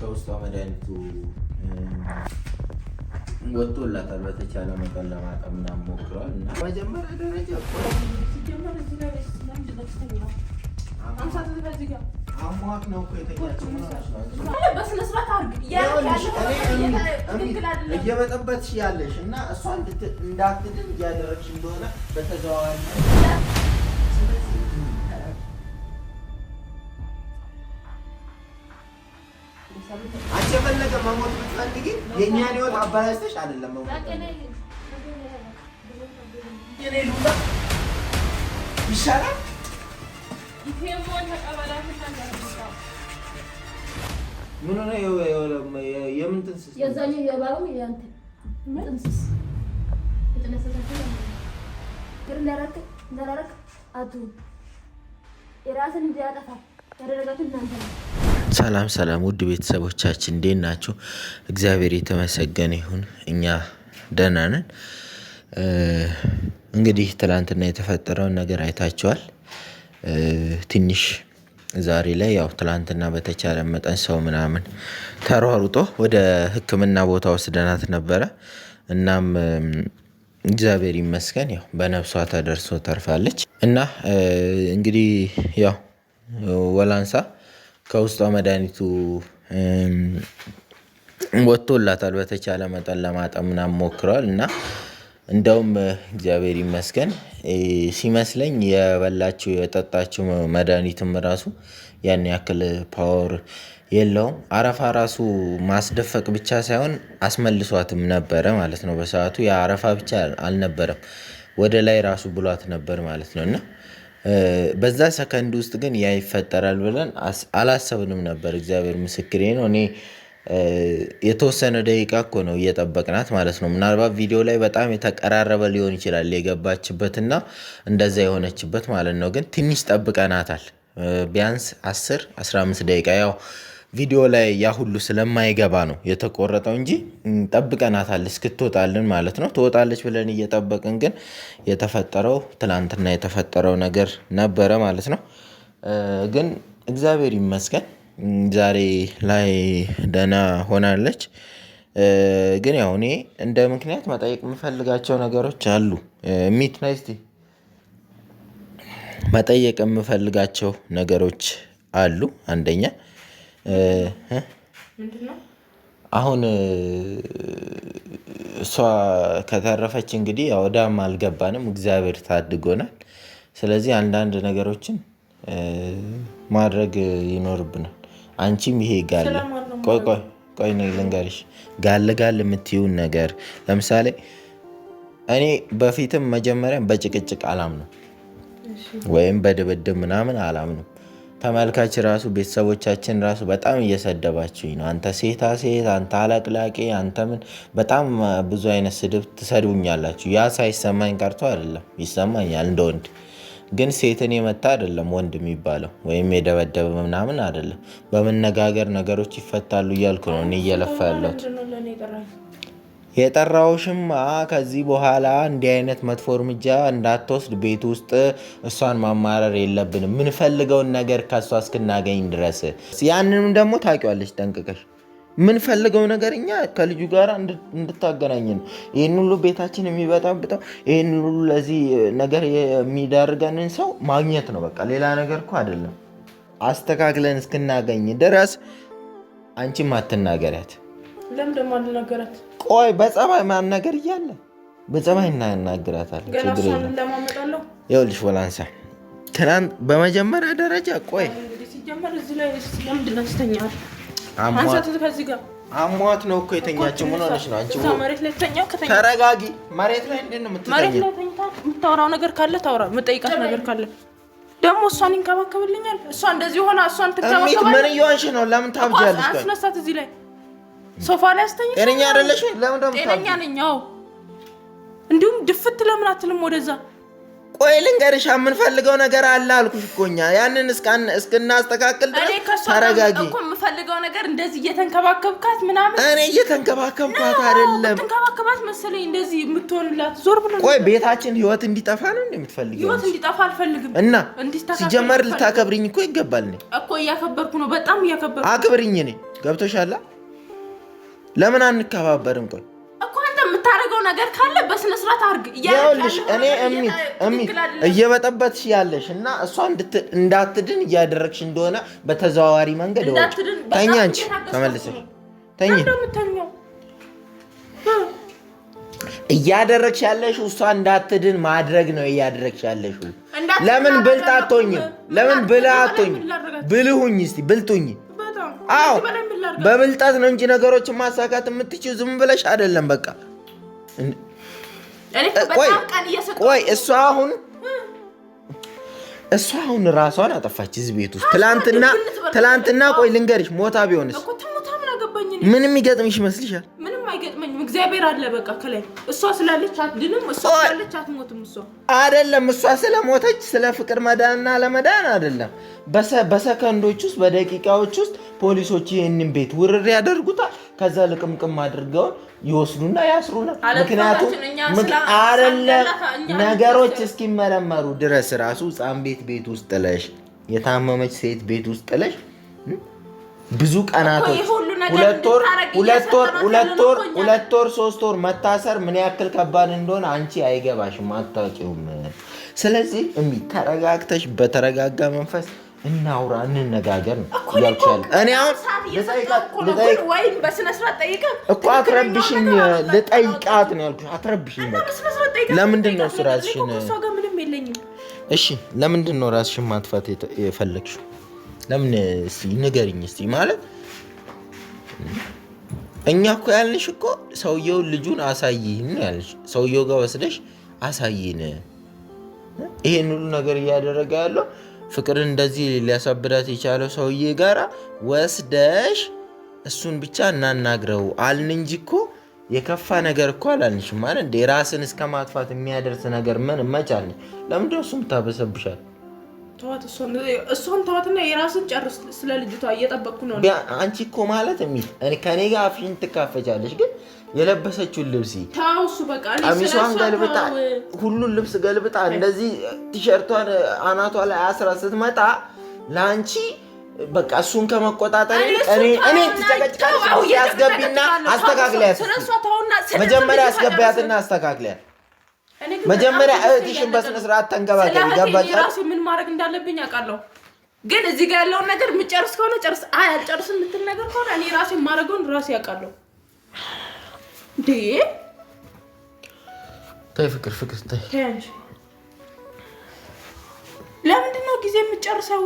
ከውስጧ መድኃኒቱ ወጥቶላታል። በተቻለ መጠን ለማጠብ ምናምን ሞክረዋል እና መጀመሪያ ደረጃ አሟት ነው እየበጠበትሽ ያለሽ እና እሷ እንዳትድን እያደረግሽ እንደሆነ በተዘዋዋሪ የእኛን ህይወት አበላሽተሽ አይደለም ይሻላል። ምን የምን ጥንስስ? የዛኛው የባሩ ያንተ ምን ጥንስስ? የራስን እንዲያጠፋ ያደረጋችሁ እናንተ ነው። ሰላም ሰላም ውድ ቤተሰቦቻችን እንዴት ናችሁ? እግዚአብሔር የተመሰገነ ይሁን እኛ ደህና ነን። እንግዲህ ትላንትና የተፈጠረውን ነገር አይታችኋል። ትንሽ ዛሬ ላይ ያው ትላንትና በተቻለ መጠን ሰው ምናምን ተሯሩጦ ወደ ሕክምና ቦታ ወስደናት ነበረ። እናም እግዚአብሔር ይመስገን ያው በነፍሷ ተደርሶ ተርፋለች። እና እንግዲህ ያው ወላንሳ ከውስጧ መድኃኒቱ ወጥቶላታል በተቻለ መጠን ለማጠብ ምናምን ሞክረዋል እና እንደውም እግዚአብሔር ይመስገን ሲመስለኝ የበላችው የጠጣችው መድኃኒትም ራሱ ያን ያክል ፓወር የለውም። አረፋ ራሱ ማስደፈቅ ብቻ ሳይሆን አስመልሷትም ነበረ ማለት ነው። በሰዓቱ ያ አረፋ ብቻ አልነበረም ወደ ላይ ራሱ ብሏት ነበር ማለት ነው እና በዛ ሰከንድ ውስጥ ግን ያ ይፈጠራል ብለን አላሰብንም ነበር። እግዚአብሔር ምስክሬ ነው። እኔ የተወሰነ ደቂቃ እኮ ነው እየጠበቅናት ማለት ነው። ምናልባት ቪዲዮ ላይ በጣም የተቀራረበ ሊሆን ይችላል የገባችበትና እንደዛ የሆነችበት ማለት ነው። ግን ትንሽ ጠብቀናታል። ቢያንስ 10 15 ደቂቃ ያው ቪዲዮ ላይ ያ ሁሉ ስለማይገባ ነው የተቆረጠው እንጂ ጠብቀናታል እስክትወጣልን ማለት ነው። ትወጣለች ብለን እየጠበቅን ግን የተፈጠረው ትናንትና የተፈጠረው ነገር ነበረ ማለት ነው። ግን እግዚአብሔር ይመስገን ዛሬ ላይ ደህና ሆናለች። ግን ያው እኔ እንደ ምክንያት መጠየቅ የምፈልጋቸው ነገሮች አሉ። ሚት ና መጠየቅ የምፈልጋቸው ነገሮች አሉ። አንደኛ አሁን እሷ ከተረፈች እንግዲህ ወዳም አልገባንም፣ እግዚአብሔር ታድጎናል። ስለዚህ አንዳንድ ነገሮችን ማድረግ ይኖርብናል። አንቺም ይሄ ጋለ ቆይ ቆይ ቆይ ልንገርሽ፣ ጋለ ጋለ የምትይውን ነገር ለምሳሌ እኔ በፊትም መጀመሪያ በጭቅጭቅ አላምንም ወይም በድብድብ ምናምን አላምንም። ተመልካች ራሱ ቤተሰቦቻችን ራሱ በጣም እየሰደባችሁኝ ነው። አንተ ሴታ ሴት፣ አንተ አለቅላቂ፣ አንተ ምን በጣም ብዙ አይነት ስድብ ትሰድቡኛላችሁ። ያ ሳይሰማኝ ቀርቶ አይደለም፣ ይሰማኛል እንደ ወንድ ግን ሴትን የመታ አይደለም ወንድ የሚባለው ወይም የደበደበ ምናምን አይደለም። በመነጋገር ነገሮች ይፈታሉ እያልኩ ነው እኔ እየለፋ ያለሁት። የጠራውሽማ ከዚህ በኋላ እንዲህ አይነት መጥፎ እርምጃ እንዳትወስድ ቤት ውስጥ እሷን ማማረር የለብንም ምንፈልገውን ነገር ከእሷ እስክናገኝ ድረስ። ያንንም ደግሞ ታውቂዋለች ጠንቅቀሽ። ምንፈልገው ነገር እኛ ከልጁ ጋር እንድታገናኝ ነው። ይህን ሁሉ ቤታችን የሚበጣብጠው ይህን ሁሉ ለዚህ ነገር የሚዳርገንን ሰው ማግኘት ነው። በቃ ሌላ ነገር እኮ አይደለም። አስተካክለን እስክናገኝ ድረስ አንቺም አትናገሪያት። ለምን ደግሞ አልናገራት? ቆይ በፀባይ ማናገር እያለ በፀባይ እናናግራታለን። ችግር ይኸውልሽ ወላንሳ ትናንት በመጀመሪያ ደረጃ ቆይ አሟት ነው እኮ የተኛችው። ምን ሆነሽ ነው አንቺ? ተረጋጊ። መሬት ላይ እንዴት ነው የምታወራው? ነገር ካለ ታውራ። የምጠይቃት ነገር ካለ ደግሞ እሷን ይንከባከብልኛል። እሷ እንደዚህ ሆና እሷን ትንከባከባለች። ምን እየዋንሽ ነው? ለምን ታብጃለሽ? አስነሳት እዚህ ላይ ሶፋ ላይ አስተኝ። ጤነኛ አይደለሽ? ለምን ደም ጤነኛ ነኝ። አዎ እንዲሁም ድፍት ለምን አትልም ወደዛ? ቆይ ልንገርሽ፣ የምንፈልገው ነገር አለ አልኩሽ እኮ እኛ ያንን እስካን እስክናስተካክል ድረስ ተረጋጊ እኮ የምፈልገው ነገር እንደዚህ እየተንከባከብካት ምናምን። እኔ እየተንከባከብካት አይደለም፣ ተንከባከባት መሰለኝ እንደዚህ የምትሆንላት። ዞር ብሎ ቆይ፣ ቤታችን ህይወት እንዲጠፋ ነው እንደምትፈልጊው? ህይወት እንዲጠፋ አልፈልግም። እና ሲጀመር ልታከብሪኝ እኮ ይገባል። እኔ እኮ እያከበርኩ ነው፣ በጣም እያከበርኩ። አክብሪኝ። እኔ ገብቶሻላ ለምን አንከባበርም? ቆይ እኮ አንተ የምታደርገው ነገር ካለ በስነ ስርዓት አድርግ። ይኸውልሽ እኔ እሚት እሚት እየበጠበትሽ ያለሽ እና እሷ እንዳትድን እያደረግሽ እንደሆነ በተዘዋዋሪ መንገድ ወጭ ተኛ። አንቺ ተመልሰሽ ተኛ። እያደረግሽ ያለሽ እሷ እንዳትድን ማድረግ ነው እያደረግሽ ያለሽ ለምን ብልጥ አትሆኝም? ለምን ብልህ አትሆኝም? ብልሁኝ እስቲ ብልጡኝ አዎ በብልጠት ነው እንጂ ነገሮችን ማሳካት የምትችው ዝም ብለሽ አይደለም። በቃ ቆይ እሷ አሁን እሷ አሁን ራሷን አጠፋች እዚህ ቤት ውስጥ ትላንትና ትላንትና ቆይ ልንገርሽ፣ ሞታ ቢሆንስ ምንም ይገጥምሽ ይመስልሻል? ምንም አይገጥመኝም። እግዚአብሔር አለ በቃ ከላይ እሷ ስላለች አትድንም፣ እሷ ስላለች አትሞትም። እሷ አይደለም እሷ ስለሞተች ስለ ፍቅር መዳንና ለመዳን አይደለም በሰከንዶች ውስጥ በደቂቃዎች ውስጥ ፖሊሶች ይህንን ቤት ውርር ያደርጉታል። ከዛ ልቅምቅም አድርገውን ይወስዱና ያስሩናል። ምክንያቱም አይደለም ነገሮች እስኪመረመሩ ድረስ ራሱ ህፃን ቤት ቤት ውስጥ ጥለሽ፣ የታመመች ሴት ቤት ውስጥ ጥለሽ ብዙ ቀናቶች ሁለት ወር ሁለት ወር ሁለት ወር ሁለት ወር ሶስት ወር መታሰር ምን ያክል ከባድ እንደሆነ አንቺ አይገባሽም፣ አታውቂውም። ስለዚህ እሚ ተረጋግተሽ በተረጋጋ መንፈስ እናውራ እንነጋገር ነው እያልኩ ያለው። እኔ እኮ አትረብሽኝ፣ ልጠይቃት ነው ያልኩሽ። አትረብሽኝ። ለምንድን ነው እሱ እራስሽን እሺ፣ ለምንድን ነው እራስሽን ማጥፋት የፈለግሽው? ለምን እስኪ ንገሪኝ እስኪ። ማለት እኛ እኮ ያልንሽ እኮ ሰውየው ልጁን አሳይን ያልሽ፣ ሰውየው ጋር ወስደሽ አሳይን። ይሄን ሁሉ ነገር እያደረገ ያለው ፍቅርን እንደዚህ ሊያሳብዳት የቻለው ሰውዬ ጋር ወስደሽ እሱን ብቻ እናናግረው አልን እንጂ እኮ የከፋ ነገር እኮ አላልንሽም። ማለት ራስን እስከ ማጥፋት የሚያደርስ ነገር ምን መቻል? ለምንድነው እሱም ታበሰብሻል? እሷን ተዋትና የራስን ጨርስ። ስለ ልጅቷ እየጠበቅኩ ነው። አንቺ እኮ ማለት የሚል ከኔ ጋር አፍሽን ትካፈቻለሽ ግን የለበሰችውን ልብስ ቀሚሷን ገልብጣ ሁሉን ልብስ ገልብጣ እንደዚህ ቲሸርቷን አናቷ ላይ አስራ ስትመጣ ለአንቺ በቃ እሱን ከመቆጣጠር እኔ እኔ ትጨቀጭቃለሽ። አስገቢና አስተካክለያት። መጀመሪያ አስገቢያትና አስተካክለያት። መጀመሪያ እህትሽን በስነ ስርዓት ተንከባከቢ። ገባሽ? ምን ማድረግ እንዳለብኝ አውቃለሁ፣ ግን እዚህ ጋር ያለውን ነገር የምጨርስ ከሆነ ጨርስ፣ አልጨርስ የምትል ነገር ከሆነ እኔ ራሴ የማደርገውን ራሴ አውቃለሁ። እንዴ ታይ ፍቅር ፍቅር ታይ ለምንድን ነው ጊዜ የምትጨርሰው?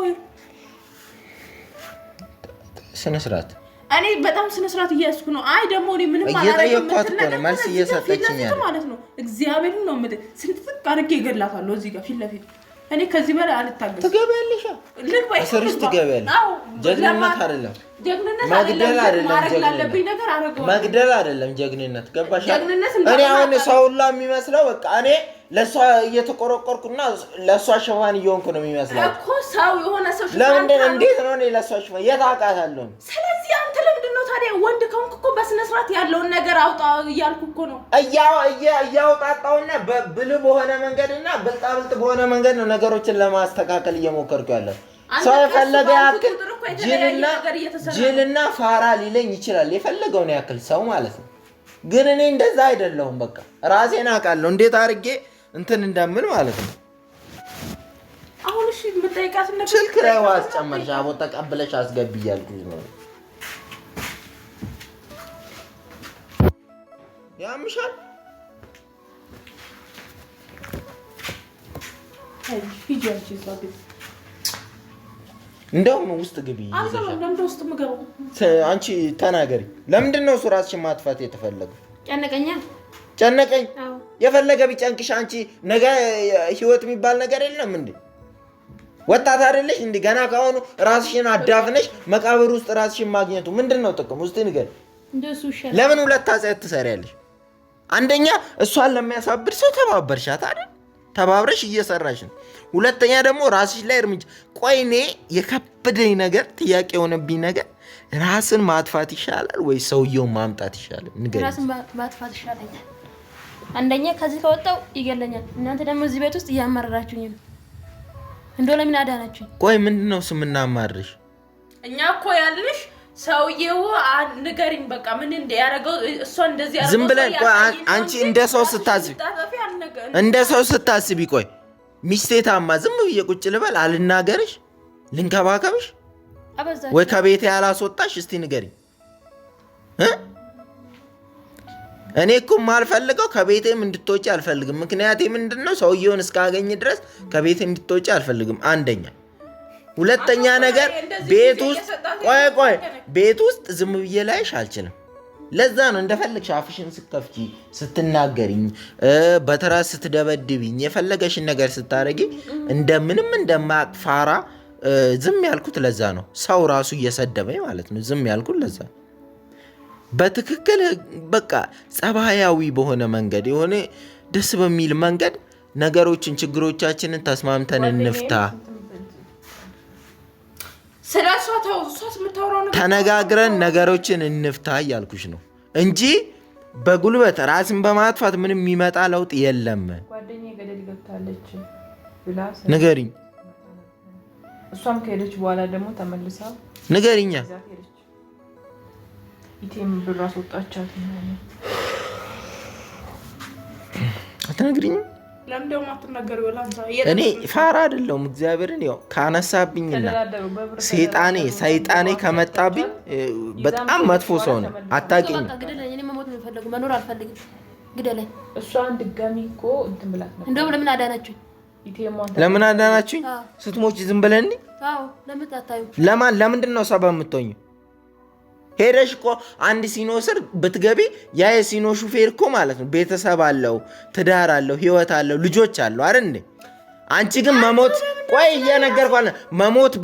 ስነ ስርዓት እኔ በጣም ስነ ስርዓት እያያዝኩ ነው። አይ ደግሞ እኔ ምንም እየጠየኳት እኮ ነው፣ መልስ እየሰጠችኝ ማለት ነው። እግዚአብሔርን ነው የምልህ። ስንጥቅ አድርጌ እገላታለሁ እዚህ ጋር ፊት ለፊት እኔ ከዚህ በላይ አልታገስም። ትገቢያለሽ፣ እስር ትገቢያለሽ። ጀግንነት አይደለም መግደል አይደለም መግደል አይደለም ጀግንነት። ገባሽ? እኔ አሁን ሰው ሁላ የሚመስለው በቃ እኔ ለእሷ እየተቆረቆርኩና ለእሷ ሽፋን እየሆንኩ ነው የሚመስለው። ለምንድን እንዴት ነው ለእሷ ሽፋን የት አውቃታለሁ? ታዲያ ወንድ ከሆንክ እኮ በስነ ስርዓት ያለውን ነገር አውጣ እያልኩ እኮ ነው። እያው እያውጣጣውና በብል በሆነ መንገድ እና ብልጣብልጥ በሆነ መንገድ ነው ነገሮችን ለማስተካከል እየሞከርኩ ያለው። ሰው የፈለገ ያክል ጅልና ፋራ ሊለኝ ይችላል፣ የፈለገውን ያክል ሰው ማለት ነው። ግን እኔ እንደዛ አይደለሁም። በቃ ራሴን አውቃለሁ፣ እንዴት አድርጌ እንትን እንደምን ማለት ነው። ስልክ ላይ ዋስ አስጨመርሽ፣ አቦ ተቀብለሽ አስገቢ እያልኩሽ ነው። ያምሻል። እንደውም ውስጥ ግቢ። አንቺ ተናገሪ። ለምንድን ነው እሱ ራስሽን ማጥፋት የተፈለገው? ጨነቀኛ ጨነቀኝ። የፈለገ ቢጨንቅሽ አንቺ ነገ ህይወት የሚባል ነገር የለም እንዴ? ወጣት አይደለሽ እንዴ? ገና ከአሁኑ ራስሽን አዳፍነሽ መቃብር ውስጥ ራስሽን ማግኘቱ ምንድን ነው ጥቅም? ውስጥ ንገሪ። ለምን ሁለት ኃጢአት ትሰሪያለሽ? አንደኛ እሷን ለሚያሳብድ ሰው ተባበርሻት አይደል? ተባብረሽ እየሰራሽ ነው። ሁለተኛ ደግሞ ራስሽ ላይ እርምጃ። ቆይ እኔ የከበደኝ ነገር ጥያቄ የሆነብኝ ነገር ራስን ማጥፋት ይሻላል ወይ ሰውየውን ማምጣት ይሻላል? ንገሪኝ። ራስን ማጥፋት ይሻለኛል። አንደኛ ከዚህ ከወጣው ይገለኛል። እናንተ ደግሞ እዚህ ቤት ውስጥ እያማረራችሁኝ ነው። እንደው ለምን አዳናችሁኝ? ቆይ ምንድን ነው ስምናማርሽ? እኛ እኮ ያልንሽ ሰውየው ንገሪኝ፣ በቃ ምን እንደ ያደረገው እሷ እንደዚህ ያደረገው ዝም ብለን አንቺ እንደ ሰው ስታስቢ እንደ ሰው ስታስቢ፣ ቆይ ሚስቴታማ ዝም ብዬ ቁጭ ልበል አልናገርሽ፣ ልንከባከብሽ ወይ ከቤቴ ያላስወጣሽ እስቲ ንገሪኝ እ እኔ እኮ የማልፈልገው ከቤቴም እንድትወጪ አልፈልግም። ምክንያቴ ምንድን ነው? ሰውየውን እስካገኝ ድረስ ከቤቴ እንድትወጪ አልፈልግም። አንደኛ ሁለተኛ ነገር ቤት ውስጥ ቆይ ቆይ ቤት ውስጥ ዝም ብዬ ላይሽ አልችልም። ለዛ ነው እንደፈለግሽ አፍሽን ስከፍቺ ስትናገሪኝ፣ በተራ ስትደበድብኝ፣ የፈለገሽን ነገር ስታደርጊ እንደምንም እንደማያውቅ ፋራ ዝም ያልኩት ለዛ ነው። ሰው ራሱ እየሰደበኝ ማለት ነው ዝም ያልኩት ለዛ ነው። በትክክል በቃ ጸባያዊ በሆነ መንገድ የሆነ ደስ በሚል መንገድ ነገሮችን ችግሮቻችንን ተስማምተን እንፍታ። ተነጋግረን ነገሮችን እንፍታ እያልኩሽ ነው እንጂ በጉልበት ራስን በማጥፋት ምንም የሚመጣ ለውጥ የለም። ንገሪኝ። እሷም ከሄደች በኋላ ደግሞ ተመልሳ ንገሪኛ። አትነግሪኝም? እኔ ፋራ አይደለሁም። እግዚአብሔርን ያው ካነሳብኝና ሰይጣኔ ከመጣብኝ በጣም መጥፎ ሰው ነው። መኖር አልፈልግም። ግደለኝ። እሷን ድጋሚ እኮ እንትን ብላት ነው። እንደውም ለምን አዳናችሁኝ? ለምን አዳናችሁኝ? ስትሞች ዝም ብለን ለማን ለምንድን ነው ሰበብ የምትሆኝው? ሄደሽ እኮ አንድ ሲኖ ስር ብትገቢ ያ የሲኖ ሹፌር እኮ ማለት ነው ቤተሰብ አለው፣ ትዳር አለው፣ ህይወት አለው፣ ልጆች አለው አይደል እንዴ? አንቺ ግን መሞት ቆይ እየነገርኩ መሞት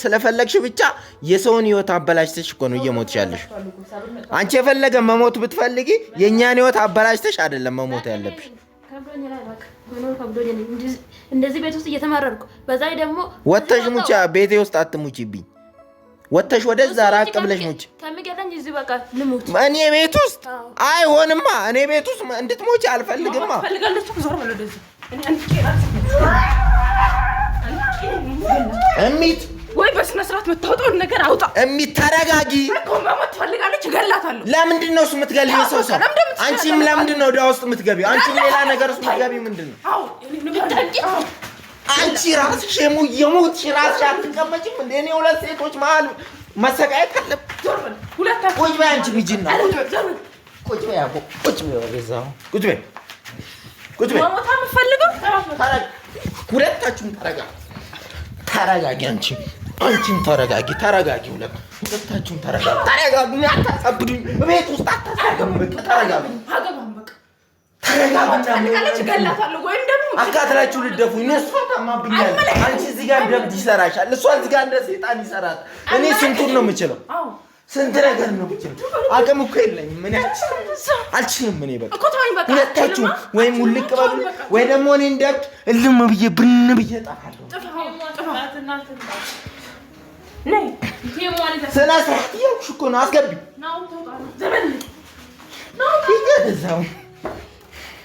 ስለፈለግሽ ብቻ የሰውን ህይወት አበላሽተሽ እኮ ነው እየሞትሽ ያለሽ። አንቺ የፈለገ መሞት ብትፈልጊ የእኛን ህይወት አበላሽተሽ አይደለም መሞት ያለብሽ። እንደዚህ ቤት ውስጥ እየተማረርኩ በዛ ደግሞ ወጥተሽ ሙቻ ቤቴ ውስጥ አትሙችብኝ ወተሽ ወደዛ ራቅ ብለሽ ሞች እኔ ቤት ውስጥ አይሆንማ። እኔ ቤት ውስጥ እንድትሞች አልፈልግማ። እሚት ወይ በስነ ስርዓት የምታወጣውን ነገር አውጣ። እሚት ተረጋጊ። ለምንድን ነው እሱ የምትገሊው ሰው ሰው? አንቺም ለምንድን ነው ውስጥ አንቺም ሌላ ነገር ውስጥ ምንድን ነው? አንቺ ራስሽ የሞትሽ ራስሽ አትቀመጭም። እንደ እኔ ሁለት ሴቶች መሀል መሰቃየት አለብን። ቁጭ በይ አንቺ ቁጭ በይ አቦ ቁጭ በይ ቁጭ በይ። ሁለታችሁም ተረጋጊ ተረጋጊ። አንቺ አንቺም ተረጋጊ ተረጋጊ። ሁለታችሁም ተረጋጊ ተረጋጊ። አታሳብዱኝ። ቤት ውስጥ አታሳገም። ተረጋጊ ተረጋግጣለች እገላታለሁ ወይ እንደምን አካትላችሁ ልደፉኝ ነው። እሷ ታማብኛል። አንቺ እዚህ ጋር ደብድ ይሰራሻል። እሷ እዚህ ጋር እንደ ሰይጣን ይሰራት። እኔ ስንቱን ነው የምችለው? ስንት ነገር ነው ብቻ አቅም እኮ የለኝም። ምን አልችልም። እኔ ሁለታችሁ ወይም ውልቅ በሉ ወይ ደግሞ እኔ እንደብድ እልም ብዬ ብን ብዬ እጠፋለሁ። ስነ ስርዓት እያልኩሽ እኮ ነው። አስገቢ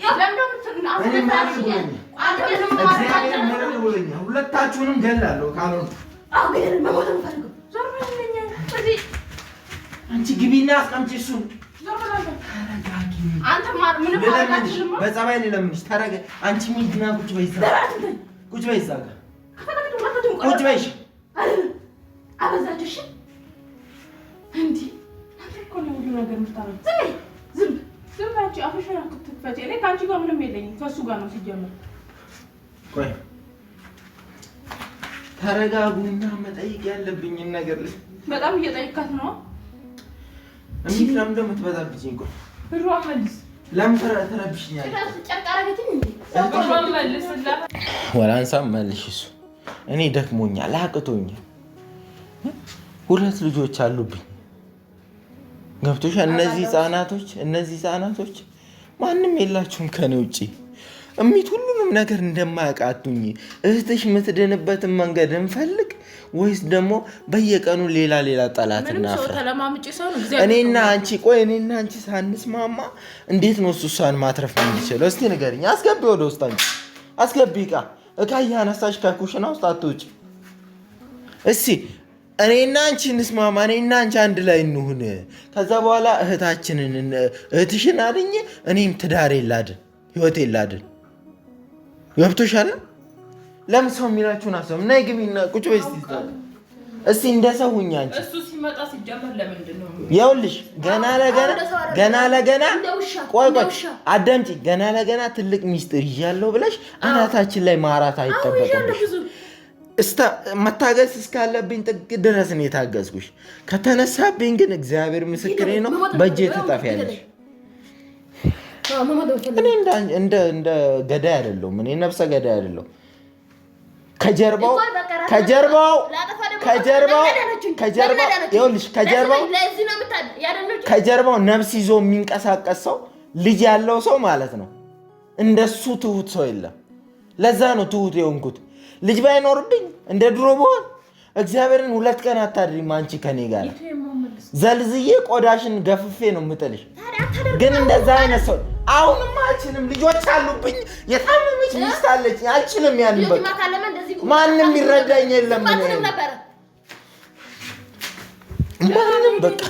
እግዚአብሔር ምንም ይበለኛል። ሁለታችሁንም ገላለሁ ካልሆነ አንቺ ግቢና አስቀምጪ እሱን። ልለምንሽ በፀባይ አንቺ ሚድና ቁጭ በይ ቁጭ በይ እዛ ቁጭ በይ። አበዛችሽ እንደ አንተ እኮ ነው ሁሉ ነገር የምታረጉት። ዝም ዝም ዝም በያቸው አፍሽን አክቱ ፈቴ ላይ ከአንቺ ጋር ምንም የለኝም ከእሱ ጋር ነው ሲጀመር ቆይ ተረጋጉና መጠይቅ ያለብኝን ነገር በጣም እየጠየካት ነው። እንዴት ለምን እንደምትበጣብኝ ቆይ ብሩ መልስ ወላንሳም መልሽ። እሱ እኔ ደክሞኛል፣ አቅቶኛል። ሁለት ልጆች አሉብኝ። ገብቶሻል? እነዚህ ህጻናቶች እነዚህ ህጻናቶች ማንም የላችሁም ከኔ ውጭ። እሚት ሁሉንም ነገር እንደማያቃቱኝ እህትሽ የምትድንበትን መንገድ እንፈልግ ወይስ ደግሞ በየቀኑ ሌላ ሌላ ጠላትና እኔና አንቺ ቆይ እኔና አንቺ ሳንስማማ እንዴት ነው እሱ እሷን ማትረፍ የሚችለው? እስቲ ንገሪኝ። አስገቢ ወደ ውስጥ አንቺ አስገቢ። እቃ እቃ እያነሳሽ ከኩሽና ውስጥ አትውጭ እስቲ እኔና አንቺ እንስማማ፣ እኔና አንቺ አንድ ላይ እንሁን። ከዛ በኋላ እህታችንን እህትሽን አድኝ፣ እኔም ትዳር የላድን ህይወት የላድን። ገብቶሻል? ለምን ሰው የሚላችሁን አሰብ እና ግቢና ቁጭ በይ እስቲ እንደ ሰው ሁኚ። አንቺ ይኸውልሽ ገና ለገና ገና ለገና ቆይ ቆይ አዳምጪ። ገና ለገና ትልቅ ሚስጥር ይዣለሁ ብለሽ አናታችን ላይ ማራት አይጠበቅብሽ መታገስ እስካለብኝ ጥግ ድረስ ነው የታገዝኩሽ። ከተነሳብኝ ግን እግዚአብሔር ምስክሬ ነው በእጄ ትጠፊያለሽ። እኔ እንደ ገዳይ አይደለሁም። እኔ ነፍሰ ገዳይ አይደለሁም። ከጀርባው ከጀርባው ከጀርባው ከጀርባው ነፍስ ይዞ የሚንቀሳቀስ ሰው ልጅ ያለው ሰው ማለት ነው። እንደሱ ትሁት ሰው የለም። ለዛ ነው ትሁት የሆንኩት። ልጅ ባይኖርብኝ እንደ ድሮ በሆን እግዚአብሔርን ሁለት ቀን አታድሪም አንቺ ከኔ ጋር ዘልዝዬ ቆዳሽን ገፍፌ ነው የምጥልሽ። ግን እንደዛ አይነት ሰው አሁንም አልችልም። ልጆች አሉብኝ፣ የታመመች ሚስት አለች። አልችልም። ያንን በቃ ማንም ይረዳኝ የለም። ማንም በቃ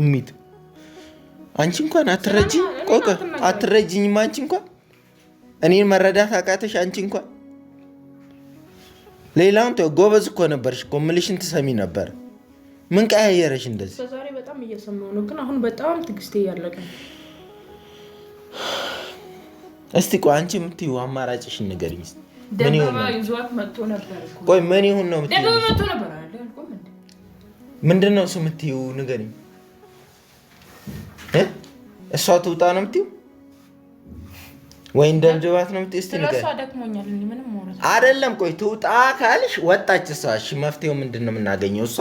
እሚት አንቺ እንኳን አትረጅኝ፣ ቆቀ አትረጅኝም። አንቺ እንኳን እኔን መረዳት አቃተሽ። አንቺ እንኳን ሌላውን ተይው። ጎበዝ እኮ ነበርሽ እኮ ምልሽን ትሰሚ ነበር። ምን ቀያየረሽ እንደዚህ? ዛሬ በጣም እየሰማሁ ነው፣ ግን አሁን በጣም እያለቀ እስቲ ቆይ አንቺ የምትይው አማራጭሽ ንገሪኝ። ደበባ ይዟት መጥቶ ነበር። ቆይ ምን ይሁን ነው? ደበባ መጥቶ ነበር ምንድን ነው እሱ የምትይው? ንገሪኝ። እሷ ትውጣ ነው የምትይው ወይ ነው የምትይው? ንገሪኝ። አይደለም ቆይ ትውጣ ካልሽ ወጣች እሷ። እሺ መፍትሄው ምንድን ነው የምናገኘው? እሷ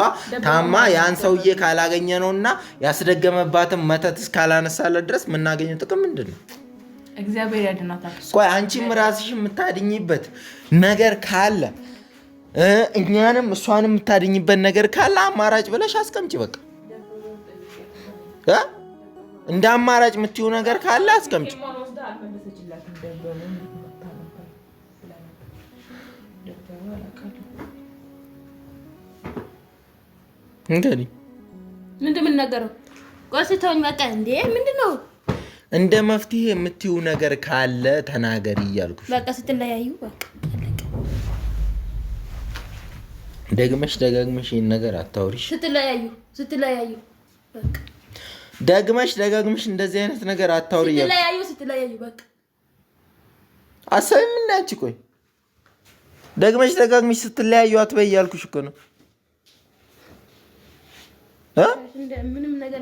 ታማ ያን ሰውዬ ካላገኘ ነው እና ያስደገመባትን መተት እስካላነሳለ ድረስ የምናገኘው ጥቅም ምንድን ነው? እግዚአብሔር ያድናታል። ቆይ አንቺም ራስሽ የምታድኝበት ነገር ካለ እኛንም እሷን የምታድኝበት ነገር ካለ አማራጭ ብለሽ አስቀምጪ። በቃ እንደ አማራጭ የምትይው ነገር ካለ አስቀምጪ። እንግዲህ ምንድን ምን ነገረው? ቆይ ስትሆኝ በቃ እንዴ ምንድን ነው እንደ መፍትሄ የምትዩ ነገር ካለ ተናገሪ እያልኩ በቃ ስትለያዩ ደግመሽ ደጋግመሽ ይህን ነገር አታውሪ። ስትለያዩ ስትለያዩ ደግመሽ ደጋግመሽ እንደዚህ አይነት ነገር አታውሪ እያልኩ ስትለያዩ ስትለያዩ በቃ አሳቢ የምናያች ቆይ ደግመሽ ደጋግመሽ ስትለያዩ አትበይ እያልኩሽ እኮ ነው። ምንም ነገር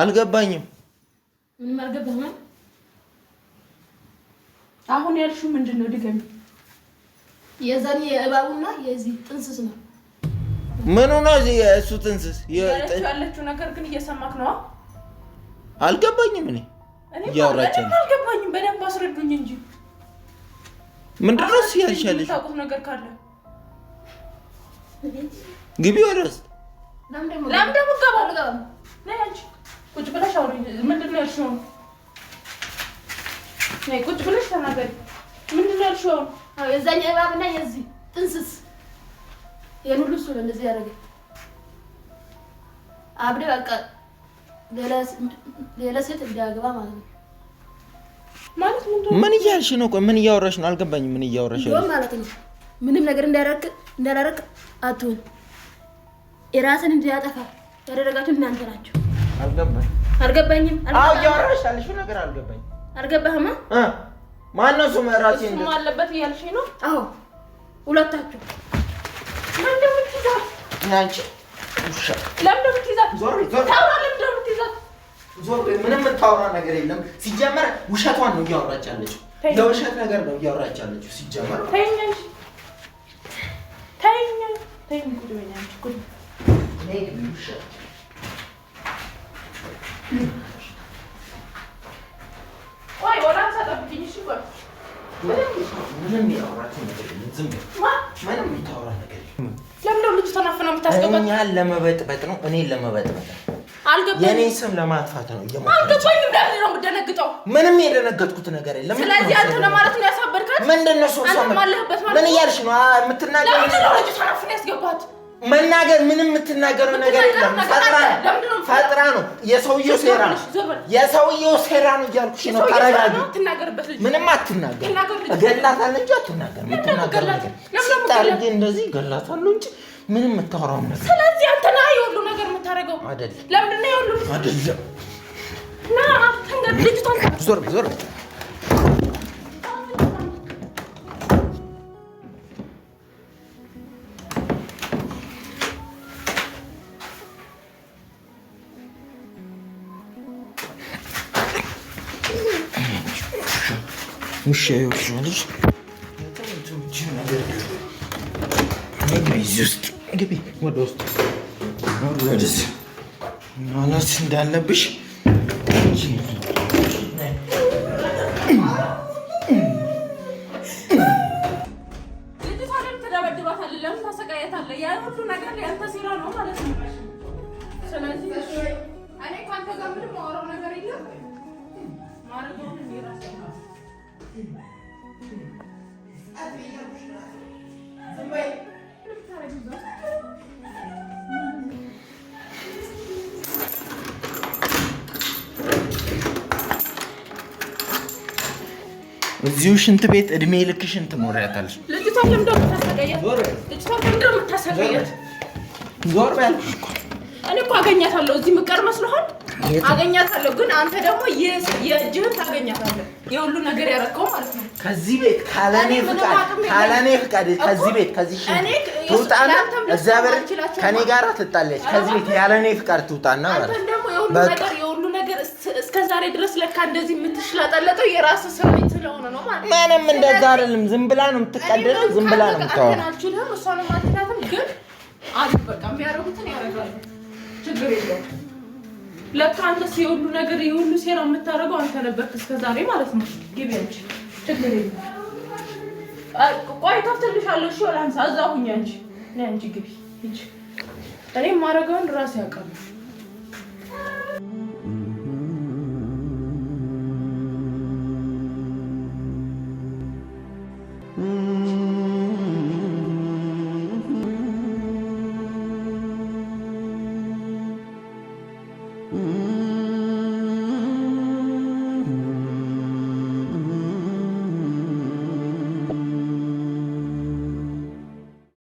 አልገባኝም። ምንም አልገባህም። አሁን ያልሽው ምንድን ነው? ድገሚ። የዛኔ የእባቡና የዚህ ጥንስስ ነው። ምኑ ነው እዚህ የእሱ ጥንስስ? ያለችው ነገር ግን እየሰማክ ነው? አልገባኝም። እኔ እያወራች አልገባኝም። በደንብ አስረዱኝ እንጂ ምንድን ነው እሱ ያልሻለች ነገር ካለ ግቢ ወደ ውስጥ። ለምን ደግሞ እገባለሁ? ቁጭ ብለሽ አውሪ። ምንድን ነው ያልሽው? ቁጭ ብለሽ ተናገሪ። ምንድን ነው ያልሽው? የዛኛው እባብና የዚህ ጥንስስ ይሄን ሁሉ ነው እንደዚህ ያደረገ። አብሬ በቃ ሌላ ሴት እንዲያገባ ማለት ነው። ምን እያልሽ ነው? ቆይ ምን እያወራሽ ነው? አልገባኝም። ምን እያወራሽ ነው ማለት ነው? ምንም ነገር እንዳያረክ እንዳላረክ አትሁን። የራስን እንዲያጠፋ ያደረጋችሁ እናንተ ናቸው አልገባኝም። እያወራሽ ያለሽው ነገር አልገባኝም። አልገባህማ? ማነው እሱም እራሴ እሱም አለበት እያልሽኝ ነው? አዎ ሁለታችሁ ምንም የምታወራ ነገር የለም። ሲጀመር ውሸቷን ነው እያወራች ያለችው። ለውሸት ነገር ነው እያወራች ያለችው። ሲጀመር ተይኝ። ምንም ያወራችሁ ነገር ልጅ ተናፍና የምታስገባት? እኛን ለመበጥበጥ ነው። እኔ ለመበጥበጥ አልገባኝም። የኔ ስም ለማጥፋት ነው። አልገባኝም። ለምን ነው የምደነግጠው? ምንም የደነገጥኩት ነገር የለም። ስለዚህ አንተ ለማለት ነው ያሳበድካት። ምንድን ነው ምን እያልሽ ነው የምትናገረው? ለምንድነው ልጅ ተናፍና ያስገባት? መናገር ምንም የምትናገረው ነገር የለም። ፈጥራ ነው የሰውየው ሴራ ነው የሰውየው ሴራ ነው እያልኩሽ ነው። ተረጋጊ። ምንም አትናገር። እገላታለሁ እንጂ አትናገር። የምትናገር ነገር ስታርጊ እንደዚህ እገላታለሁ እንጂ ምንም የምታወራው ነገር ስለዚህ አንተ ነህ የሁሉ ነገር የምታደርገው አይደለም። ለምንድን ነው የሁሉ አይደለም። ና ዞር ዞር Bu şey yok şimdi. Ne benziyorsun? Hadi bir, bu dostum. Ne oluyoruz? Anasını derlemiş. እዚሁ ሽንት ቤት እድሜ ልክ ሽንት ልጅቷን ዞር በል። እኔ እኮ አገኛታለሁ። እዚህ ምቀር መስሎሃል? አገኛታለሁ። ግን አንተ ደግሞ የእጅህን ታገኛታለህ። የሁሉ ነገር ያረከው ማለት ነው። ከዚህ ቤት ካለኔ ፍቃድ ካለኔ ፍቃድ ከዚህ ቤት ከዚህ ሽንት ትውጣና እዛ በር ከኔ ጋራ ትጣለች። ከዚህ ቤት ያለኔ ፍቃድ ትውጣና ማለት ነው። በቃ እስከ ዛሬ ድረስ ለካ እንደዚህ የምትሽላጠለጠው የራስ ስሜት ስለሆነ ነው ማለት ነው። ምንም እንደዛ አይደለም። ዝም ብላ ነው የምትቀደለው። ዝም ብላ ነው የምታወራው። አልችልም፣ እሷን ማትናትም። ግን አሉ በቃ የሚያደርጉትን ያደርጋሉ። ችግር የለውም። ለካ አንተስ የሁሉ ነገር የሁሉ ሴራ የምታደርገው አንተ ነበርክ እስከ ዛሬ ማለት ነው። ግቢ አንቺ፣ ችግር የለውም። ቆይ ተፍትልሻለሁ። እሺ፣ ወላንሳ እዛ ሁኝ አንቺ። ነይ አንቺ ግቢ። እኔ የማደርገውን ራሴ ያውቃለሁ።